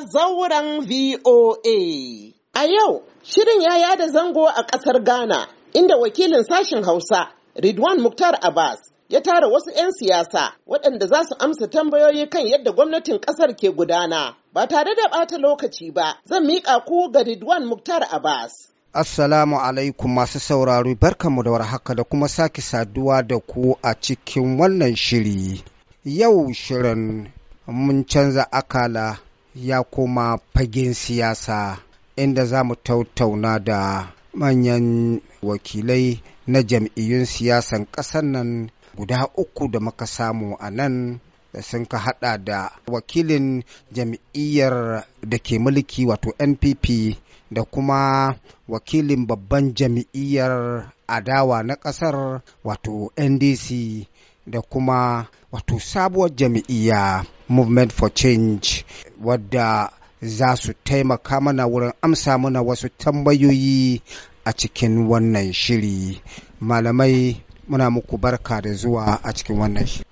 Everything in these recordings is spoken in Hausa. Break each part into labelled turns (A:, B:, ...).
A: zauren VOA. A yau, shirin ya yada zango a ƙasar Ghana, inda wakilin sashen Hausa, Ridwan Muktar Abbas, ya tara wasu 'yan siyasa waɗanda za su amsa tambayoyi kan yadda gwamnatin ƙasar ke gudana. Ba tare da ɓata lokaci ba, zan miƙa ku ga Ridwan Muktar Abbas.
B: Assalamu alaikum masu sauraro barkanmu da warhaka da kuma sake saduwa da ku a cikin wannan shiri. Yau shirin mun canza akala ya koma fagen siyasa inda za mu tattauna da manyan wakilai na jam'iyyun siyasan ƙasar nan guda uku da muka samu a nan da sun ka hada da wakilin jam'iyyar da ke mulki wato npp da kuma wakilin babban jam'iyyar adawa na ƙasar wato ndc da kuma wato sabuwar jami'iyya movement for change wadda za su taimaka mana wurin amsa mana wasu tambayoyi a cikin wannan shiri malamai muna muku barka da zuwa a cikin wannan shiri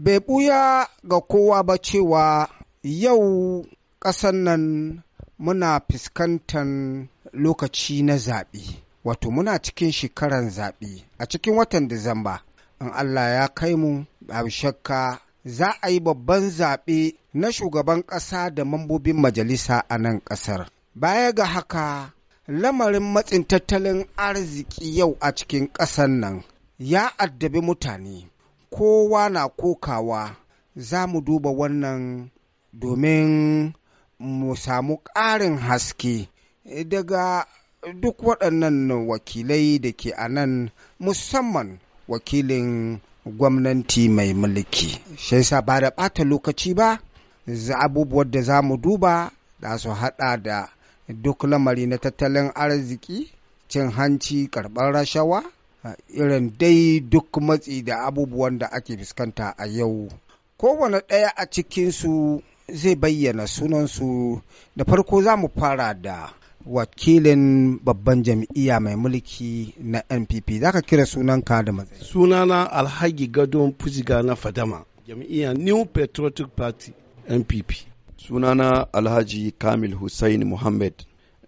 B: bai buya ga kowa ba cewa yau ƙasan nan muna fuskantar lokaci na zaɓe wato muna cikin shekaran zaɓe a cikin watan disamba in Allah ya kai mu babu shakka za a yi babban zaɓe na shugaban ƙasa da mambobin majalisa a nan ƙasar. Baya ga haka, lamarin matsin tattalin arziki yau a cikin ƙasar nan ya addabi mutane, kowa na kokawa za mu duba wannan domin mu samu ƙarin haske daga duk waɗannan wakilai da ke a nan musamman wakilin gwamnati mai mulki shi yasa ba da ɓata lokaci ba abubuwan da za mu duba da su haɗa da duk lamari na tattalin arziki cin hanci karɓar rashawa irin dai duk matsi da abubuwan da ake fuskanta a yau kowane ɗaya a cikinsu zai bayyana sunansu da farko za mu fara da wakilin babban jam'iyya mai mulki na npp za ka kira sunanka da matsayi sunana alhaji gadon fujiga na fadama
A: jam'iyya new patriotic party npp sunana alhaji kamil hussein muhammad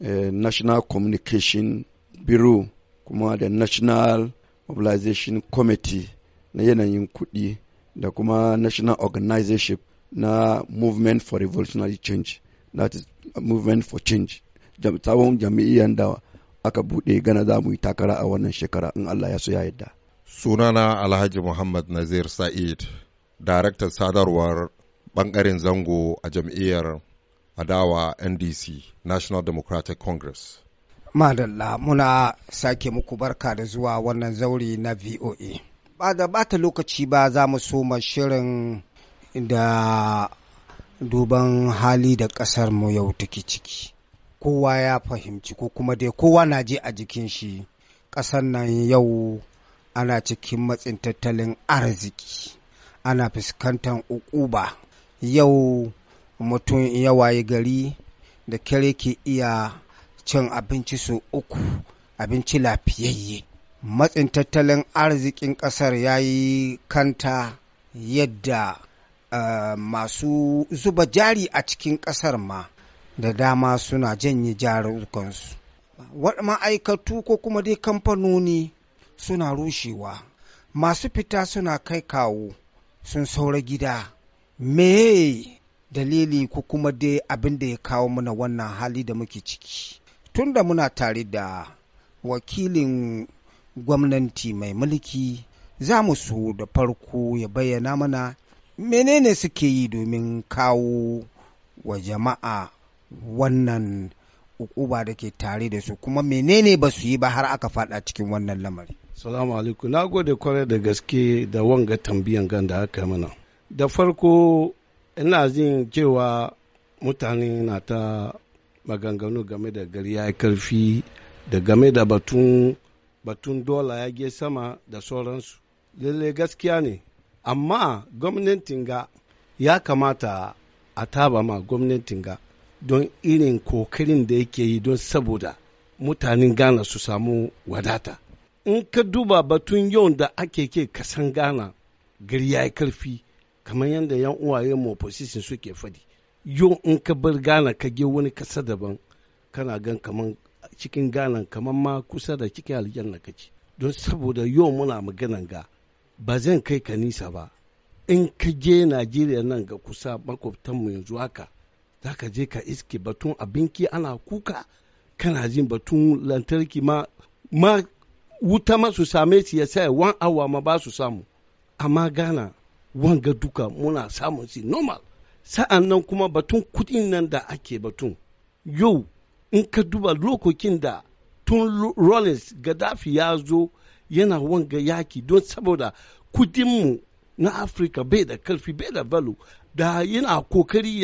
A: eh, national communication bureau kuma da national mobilization committee na yanayin kuɗi da kuma national organization na movement for revolutionary change that is movement for change Sabon jami'an da aka buɗe gana za mu yi takara a wannan shekara in Allah ya so ya yadda. Sunana Alhaji Muhammad Nazir Sa'id, Daraktan Sadarwar ɓangaren zango a jam'iyyar Adawa NDC, National Democratic Congress.
B: Madalla muna sake muku barka da zuwa wannan zauri na VOA. Ba da bata lokaci ba za mu soma shirin da duban hali da ƙasar mu yau take ciki. kowa ya fahimci ko kuma dai kowa na je a jikin shi ƙasar nan yau ana cikin matsin tattalin arziki ana fuskantar ukuba yau mutum ya waye gari da kare ke iya cin abinci su uku abinci lafiyayye matsin tattalin arzikin ƙasar ya yi kanta yadda uh, masu zuba jari a cikin ƙasar ma da dama suna janye jarukansu waɗa ma'aikatu ko kuma dai kamfanoni suna rushewa masu fita suna kai kawo sun saura gida meye dalili ko kuma dai abin da ya kawo mana wannan hali da muke ciki tunda muna tare da wakilin gwamnati mai mulki za mu so da farko ya bayyana mana menene suke yi domin kawo wa jama'a wannan ukuba da ke tare da su kuma menene ba su yi ba har aka fada cikin wannan lamari
A: salamu alaikum na gode kwarai da gaske da wanga tambiyan gan da aka mana
B: da farko
A: ina jin cewa mutane na ta maganganu game da gari ya karfi da game da batun batun dola ya ge sama da sauransu lalle gaskiya ne amma gwamnatin ga ya kamata a taba ma gwamnatin ga don irin kokarin da yake yi don saboda mutanen Gana su samu wadata. In ka duba batun yau da ake ke kasan Gana gari ya yi karfi kamar yadda yan uwaye mu suke fadi. Yau in ka bar Gana ka ge wani kasa daban kana gan kamar cikin Ghana kamar ma kusa da cikin aljanna ci. Don saboda yau muna maganan ga ba zan kai ka nisa ba. In ka je Najeriya nan ga kusa makwabtanmu yanzu haka za ka je ka iske batun abinki ana kuka kana jin batun lantarki ma ma wuta ma su same shi ya saya wan awa ma ba su samu amma gana wanga duka muna samun shi normal sa'an nan kuma batun kudin nan da ake batun yau in ka duba lokokin da tun rollins gaddafi ya zo yana wanga yaki don saboda kudinmu na afirka bai da karfi bai da balo. da yana kokari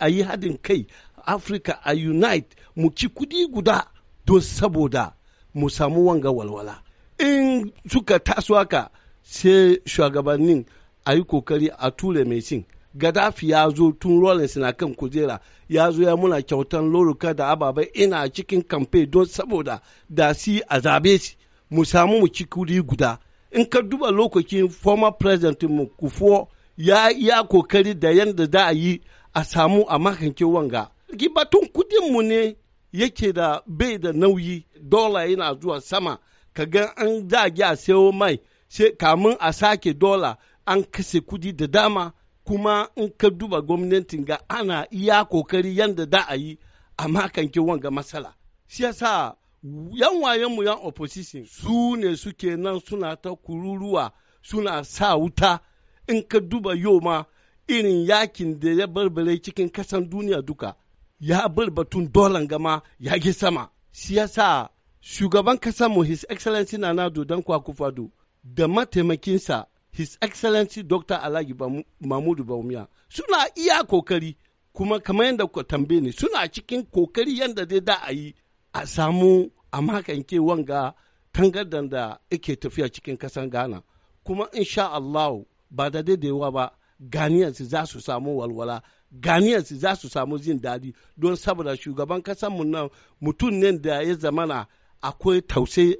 A: a yi haɗin kai afirka a unite mu ci kudi guda don saboda mu samu wanga walwala in suka taso haka sai shugabannin a yi kokari a ture mai cin Gaddafi ya zo tun Rollins na kan kujera ya zo ya muna kyautan loruka da ababe ina cikin kamfe don saboda da si a zabe shi mu samu mu ci kudi guda in ka duba lokacin former president mu kufuwa ya iya kokari da yadda za a yi a samu a makanke wanga ki batun kudinmu ne yake da bai da nauyi dola yana zuwa sama ka kaga an zage a sayo mai sai kamun a sake dola an kashe kudi da dama kuma in ka duba gwamnatin ga ana iya kokari yadda za a yi a makanke wanga matsala shi yasa yan wayenmu yan opposition su ne suke nan suna ta kururuwa suna sa wuta in ka duba yau ma irin yakin da ya barbare cikin kasan duniya duka ya barbatun dolan gama ya gi sama siyasa shugaban kasa mu his excellency nana dan kwakufado da mataimakinsa his excellency dr alhaji mahmudu baumiya suna iya kokari kuma kamar yadda ku tambaye ni suna cikin kokari yadda dai da a yi a samu a makanke wanga tangar da ake tafiya cikin kasan ghana kuma insha allahu ba da daidaiwa ba ganiyansu za su samu walwala ganiyansu za su samu jin daɗi don saboda shugaban mu nan mutum ne da ya zamana akwai tausayi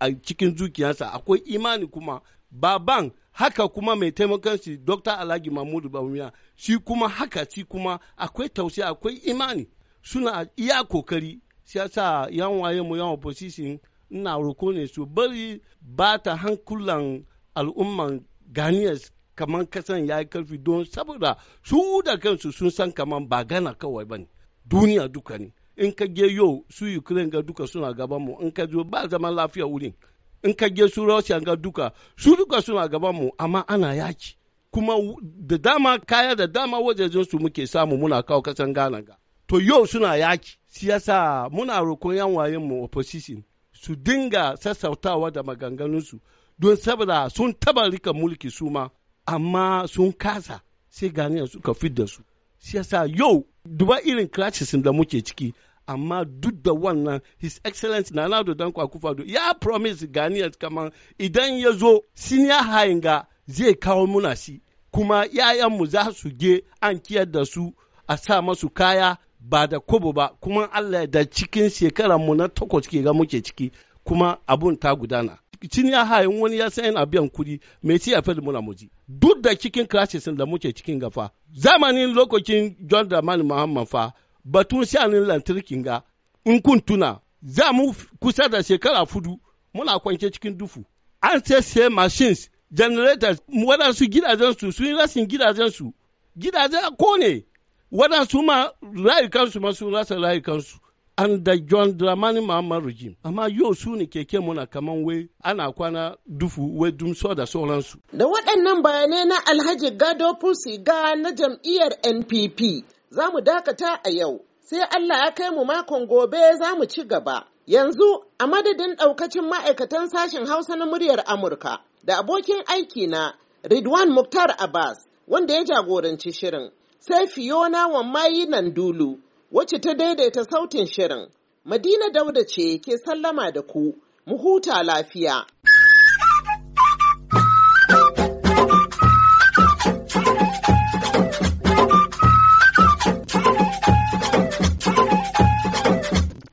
A: a cikin zuciyarsa akwai imani kuma baban haka kuma mai taimakon shi dr alhaji mahmudu bamiya shi kuma haka shi kuma akwai tausayi akwai imani suna iya kokari shi yasa yan waye mu yan opposition ina roko ne su bari ba ta hankulan al'umman ganiyas kaman kasan ya yi karfi don saboda su da kansu sun san kamar ba gana kawai ba ne duniya duka ne in ka je yau su ukraine ga duka suna gaban mu in ka zo ba zaman lafiya wurin in ka je su russia ga duka su duka suna gaban mu amma ana yaki kuma da dama kaya da dama wajajen su muke samu muna kawo kasan gana ga to yau suna yaki siyasa muna roƙon yan wayen mu opposition su dinga sassautawa da maganganunsu don saboda sun taba rika mulki su ma amma sun kasa sai ganiya suka fit da su shi yau duba irin crisis da muke ciki amma duk da wannan his excellence nanado danko akufado ya promise ganiya kaman idan ya zo senior hayin ga zai kawo muna shi kuma ‘ya'yanmu za su ge an kiyar da su a sa masu kaya ba da kobo ba kuma Allah da cikin shekaranmu na takwas ke ga muke ciki kuma abun ta gudana. cini ya hayin wani ya san a biyan kuɗi mai ci a fadi muna muji duk da cikin crashes da muke cikin gafa zamanin lokacin John Dramani Muhammad fa batun shanin lantarkin ga in kun tuna za mu kusa da shekara fudu muna kwance cikin dufu an sai sai machines generators waɗansu gidajensu sun yi rasin gidajensu gidajen ko ne waɗansu ma rayukansu ma sun rasa rayukansu an da john dramani mahamman regime amma yau su ne keke muna kaman wai ana kwana dufu wai dumso da sauransu da waɗannan bayanai na alhaji gado ga na jam'iyyar npp za mu dakata a yau sai allah ya kai mu makon gobe za mu ci gaba yanzu a madadin ɗaukacin ma'aikatan sashen hausa na muryar amurka da abokin aiki na ridwan muktar abbas wanda ya jagoranci shirin sai fiona wammayi nan dulu wacce ta daidaita sautin shirin. Madina Dauda ce ke sallama da ku, mu huta lafiya.